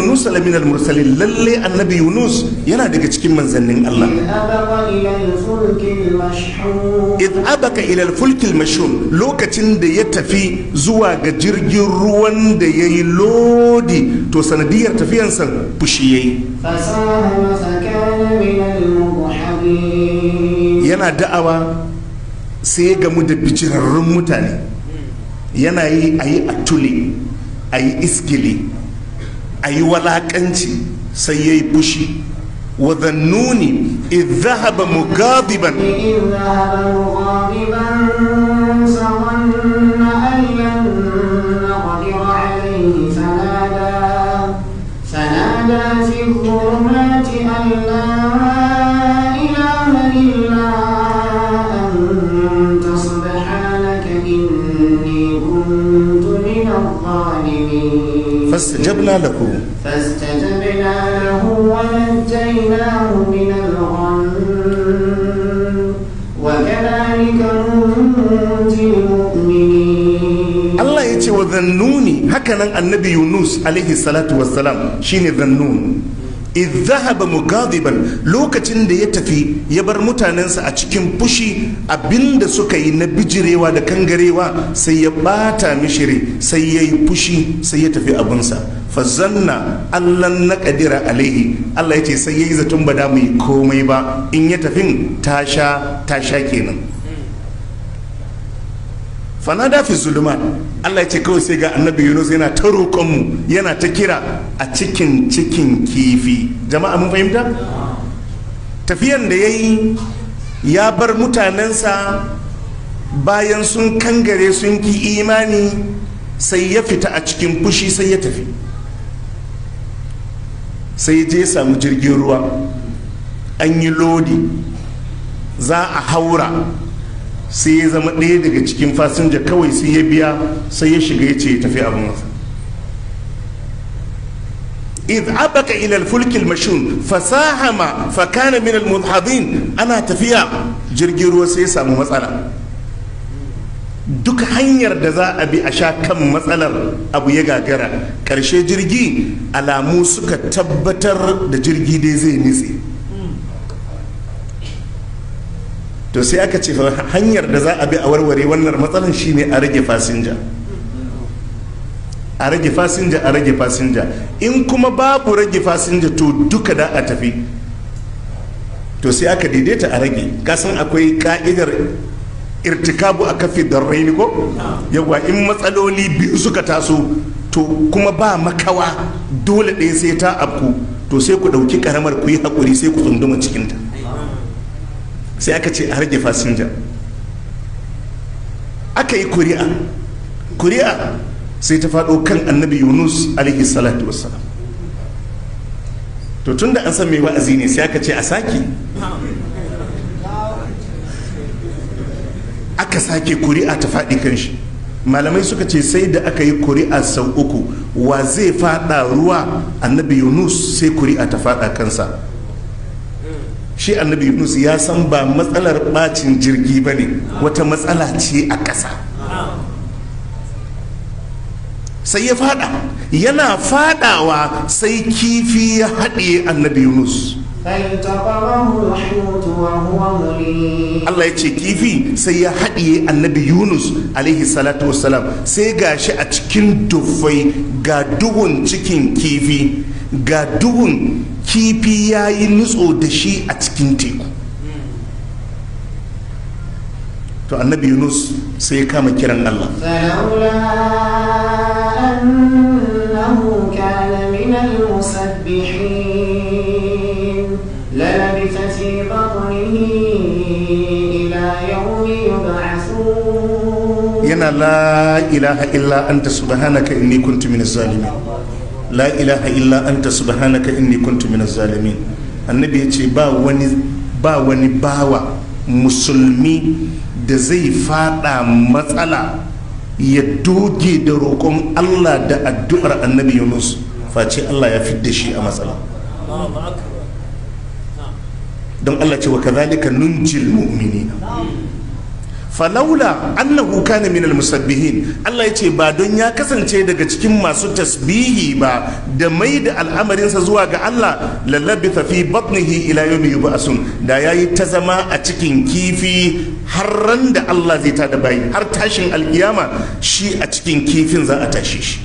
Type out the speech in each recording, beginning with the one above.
yunus alamin al-mursalin lalle annabi yunus yana daga cikin manzannin Allah id abaka ila al-fulkil mashhun lokacin da ya tafi zuwa ga jirgin ruwan da yayi lodi to sanadiyar tafiyansa fushi yayi yana da'awa sai ya gamu da bijirarrun mutane yana yi ayi atuli ayi iskili a yi walakanci sai ya وذنوني إذ ذهب مغاضبا إذ ذهب مغاضبا فظن أن لن نقدر عليه فنادى فنادى في الظلمات أن لا فاستجبنا له فاستجبنا له ونجيناه من الغم وكذلك ننجي المؤمنين الله يتي وذنوني هكذا النبي يونس عليه الصلاة والسلام شين ذنون izahaba mugadiban lokacin da ya tafi ya bar mutanensa a cikin fushi abinda suka yi na bijirewa da kangarewa sai ya bata mishiri sai ya yi fushi sai ya tafi abinsa fazanna allan na kadira alaihi allah ya ce sai ya yi zaton ba da mu yi komai ba in ya tafin tasha tasha kenan fanada fi zuluma Allah ya ce kawai sai ga annabi Yunus yana ta roƙonmu yana ta kira a cikin cikin kifi jama'a mun fahimta tafiyan da ya yi ya bar mutanensa bayan sun kangare sun ki imani sai ya fita a cikin fushi sai ya tafi sai je samu jirgin ruwa an yi lodi za a haura sai ya zama ɗaya daga cikin fasinja kawai sai ya biya sai ya shiga ya ce ya tafi abin wasa إذ عبق إلى الفلك المشون فساهم ana tafiya jirgin ruwa sai ya samu matsala. duk hanyar da za a bi a sha kan matsalar abu ya gagara ƙarshe jirgi alamu suka tabbatar da jirgi dai zai nitse to sai aka ce hanyar da za a bi a warware wannan matsalan shine a rage fasinja a rage fasinja a rage fasinja in kuma babu rage fasinja to duka da a tafi to sai aka daidaita a rage kasan akwai ka'idar irtikabu a kafi darraini ko yawa in matsaloli biyu suka taso to kuma ba makawa dole ɗaya sai ta abku to sai ku ɗauki ƙaramar ku yi haƙuri sai ku tsunduma cikinta sai aka ce a rage fasinja aka yi kuri'a kuri'a sai ta faɗo kan annabi yunus alaihi salatu wasalam to tun da an san mai wa'azi ne sai aka ce a sake aka sake kuri'a ta faɗi kan shi malamai suka ce sai da aka yi kuri'a sau uku wa zai fada ruwa annabi yunus sai kuri'a ta fada kansa shi annabi yunus ya san ba matsalar bacin jirgi ba ne wata matsala ce a ƙasa sai ya fada yana fadawa sai kifi ya haɗe annabi yunus Allah ya ce kifi sai ya haɗiye annabi Yunus alaihi salatu wasalam sai gashi a cikin dufai ga duhun cikin kifi ga duhun kifi ya yi nutso da shi a cikin teku to annabi yunus sai ya kama kiran allah yana la ilaha illa anta subhanaka inni kuntu min zalimin la ilaha illa anta subhanaka inni kuntu minaz zalimin annabi ya ce ba wani ba wani bawa musulmi da zai fada matsala ya doge da roƙon Allah da addu'ar annabi Yunus face Allah ya fidda shi a matsala don Allah ce wa kazalika nunjil mu'minina falaula annahu kana min almusabbihin Allah yace ba don ya kasance daga cikin masu tasbihi ba da mai da al'amarinsa zuwa ga Allah lallabi fi batnihi ila yawmi yub'asun da yayi ta zama a cikin kifi har ran da Allah zai ta tada bayi har tashin alkiyama shi a cikin kifin za a tashi shi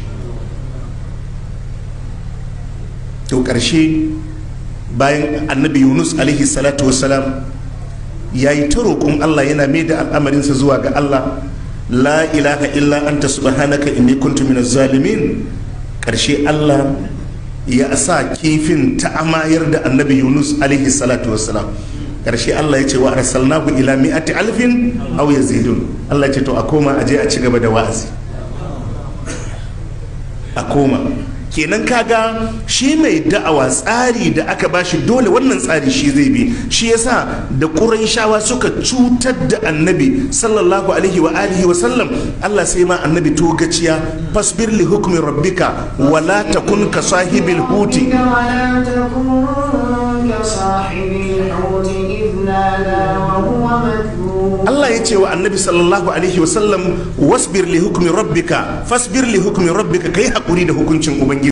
to karshe bayan annabi Yunus alaihi salatu wassalam ya yi ta roƙon Allah yana mai da al'amarinsa zuwa ga Allah la ilaha illa anta subhanaka inni kuntu min zalimin ƙarshe Allah ya sa kifin ta amayar da annabi Yunus alaihi salatu wassalam ƙarshe Allah ya ce wa arsalnahu ila mi'ati alfin aw yazidun Allah ya ce to a koma a je a ci gaba da wa'azi a koma kenan kaga shi mai da'awa tsari da aka bashi dole wannan tsari shi zai bi shi yasa da ƙuran shawa suka cutar da annabi sallallahu alaihi wa alihi wa sallam Allah sai ma annabi to gaciya fasbir li hukmi rabbika wala takun ka sahibil huti Allah ya ce wa annabi sallallahu alaihi wasallam wasbir li hukmi rabbika fasbir li hukmi rabbika kai hakuri da hukuncin ubangiji